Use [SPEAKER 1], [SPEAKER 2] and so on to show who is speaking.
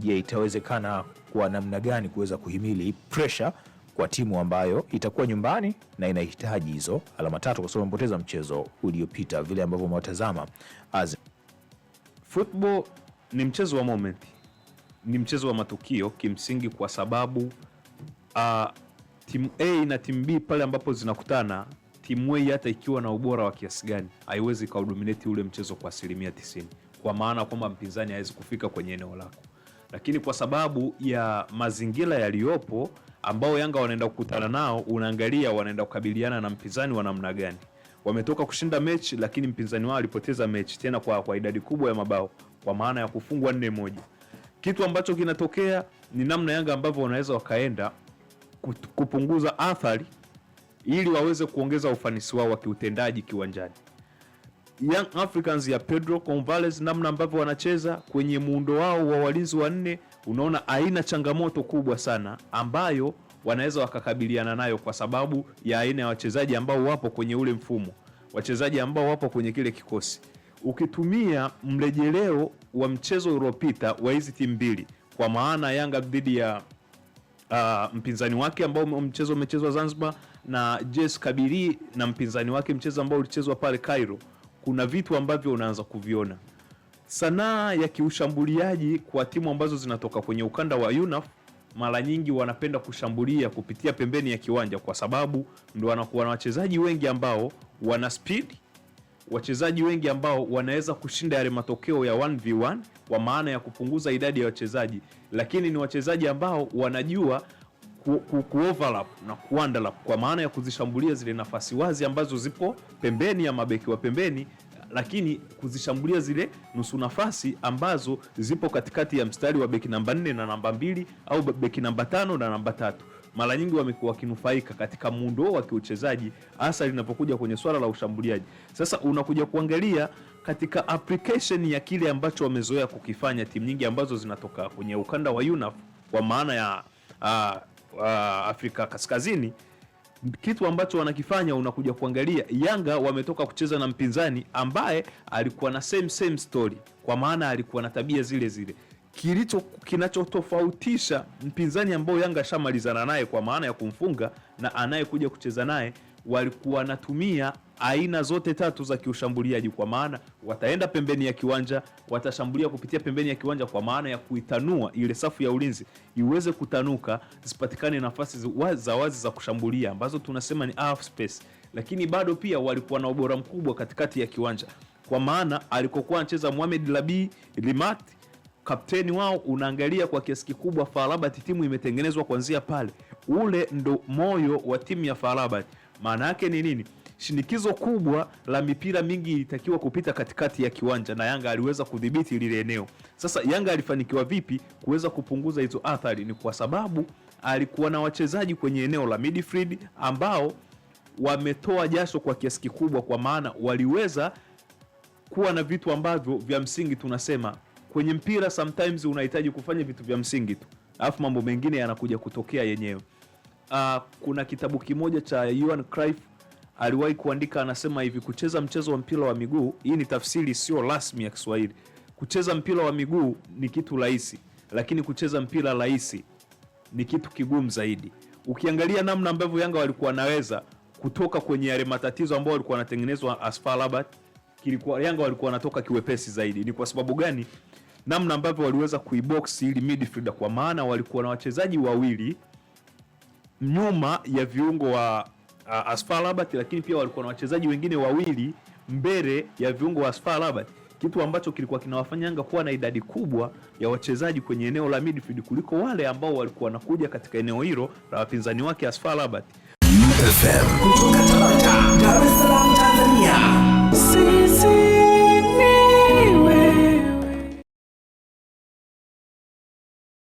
[SPEAKER 1] je, itawezekana kwa namna gani kuweza kuhimili pressure kwa timu ambayo itakuwa nyumbani na inahitaji hizo alama tatu, kwa sababu amepoteza mchezo uliopita, vile ambavyo umewatazama.
[SPEAKER 2] Football ni mchezo wa moment, ni mchezo wa matukio kimsingi, kwa sababu uh, ah, timu A na timu B pale ambapo zinakutana, timu A hata ikiwa na ubora wa kiasi gani haiwezi kaudominate ule mchezo kwa asilimia 90, kwa maana kwamba mpinzani hawezi kufika kwenye eneo lako lakini kwa sababu ya mazingira yaliyopo ambao Yanga wanaenda kukutana nao, unaangalia wanaenda kukabiliana na mpinzani wa namna gani. Wametoka kushinda mechi, lakini mpinzani wao alipoteza mechi tena kwa, kwa idadi kubwa ya mabao, kwa maana ya kufungwa nne moja. Kitu ambacho kinatokea ni namna Yanga ambavyo wanaweza wakaenda kupunguza athari ili waweze kuongeza ufanisi wao wa kiutendaji kiwanjani. Young Africans ya Pedro Convales, namna ambavyo wanacheza kwenye muundo wao wa walinzi wanne, unaona haina changamoto kubwa sana ambayo wanaweza wakakabiliana nayo kwa sababu ya aina ya wachezaji ambao wapo kwenye ule mfumo, wachezaji ambao wapo kwenye kile kikosi. Ukitumia mrejeleo wa mchezo uliopita wa hizi timu mbili, kwa maana Yanga dhidi ya Uh, mpinzani wake ambao mchezo umechezwa Zanzibar na JS Kabylie na mpinzani wake mchezo ambao ulichezwa pale Cairo kuna vitu ambavyo unaanza kuviona. Sanaa ya kiushambuliaji kwa timu ambazo zinatoka kwenye ukanda wa UNAF mara nyingi wanapenda kushambulia kupitia pembeni ya kiwanja, kwa sababu ndo wanakuwa na wachezaji wengi ambao wana speed, wachezaji wengi ambao wanaweza kushinda yale matokeo ya 1v1 kwa maana ya kupunguza idadi ya wachezaji, lakini ni wachezaji ambao wanajua ku, ku, overlap na underlap kwa maana ya kuzishambulia zile nafasi wazi ambazo zipo pembeni ya mabeki wa pembeni, lakini kuzishambulia zile nusu nafasi ambazo zipo katikati ya mstari wa beki namba nne na namba mbili au beki namba tano na namba tatu mara nyingi wamekuwa wakinufaika katika muundo wa kiuchezaji hasa linapokuja kwenye swala la ushambuliaji. Sasa unakuja kuangalia katika application ya kile ambacho wamezoea kukifanya timu nyingi ambazo zinatoka kwenye ukanda wa UNAF kwa maana ya uh, uh, Afrika Kaskazini, kitu ambacho wanakifanya unakuja kuangalia Yanga wametoka kucheza na mpinzani ambaye alikuwa na same same story, kwa maana alikuwa na tabia zile zile. Kilicho kinachotofautisha mpinzani ambao Yanga shamalizana naye kwa maana ya kumfunga na anayekuja kucheza naye walikuwa wanatumia aina zote tatu za kiushambuliaji, kwa maana wataenda pembeni ya kiwanja, watashambulia kupitia pembeni ya kiwanja, kwa maana ya kuitanua ile safu ya ulinzi iweze kutanuka, zipatikane nafasi za wazi za kushambulia ambazo tunasema ni half space. Lakini bado pia walikuwa na ubora mkubwa katikati ya kiwanja, kwa maana alikokuwa anacheza Mohamed Labi Limat, kapteni wao, unaangalia kwa kiasi kikubwa Farabat, timu imetengenezwa kuanzia pale. Ule ndo moyo wa timu ya Farabat. Maana yake ni nini? shinikizo kubwa la mipira mingi ilitakiwa kupita katikati ya kiwanja na Yanga aliweza kudhibiti lile eneo. Sasa Yanga alifanikiwa vipi kuweza kupunguza hizo athari? Ni kwa sababu alikuwa na wachezaji kwenye eneo la midfield ambao wametoa jasho kwa kiasi kikubwa, kwa maana waliweza kuwa na vitu ambavyo vya msingi. Tunasema kwenye mpira sometimes unahitaji kufanya vitu vya msingi tu, alafu mambo mengine yanakuja kutokea yenyewe. Uh, kuna kitabu kimoja cha Johan Cruyff aliwahi kuandika anasema hivi, kucheza mchezo wa mpira wa miguu, hii ni tafsiri sio rasmi ya Kiswahili. Kucheza mpira wa miguu ni kitu rahisi, lakini kucheza mpira rahisi ni kitu kigumu zaidi. Ukiangalia namna ambavyo Yanga walikuwa naweza kutoka kwenye yale matatizo ambayo walikuwa wanatengenezwa as kilikuwa Yanga walikuwa wanatoka kiwepesi zaidi. Ni kwa sababu gani? Namna ambavyo waliweza kuibox ili midfielder, kwa maana walikuwa na wachezaji wawili nyuma ya viungo wa uh, Asfar Rabat, lakini pia walikuwa na wachezaji wengine wawili mbele ya viungo wa Asfar Rabat, kitu ambacho kilikuwa kinawafanya Yanga kuwa na idadi kubwa ya wachezaji kwenye eneo la midfield kuliko wale ambao walikuwa wanakuja katika eneo hilo la wapinzani wake Asfar Rabat.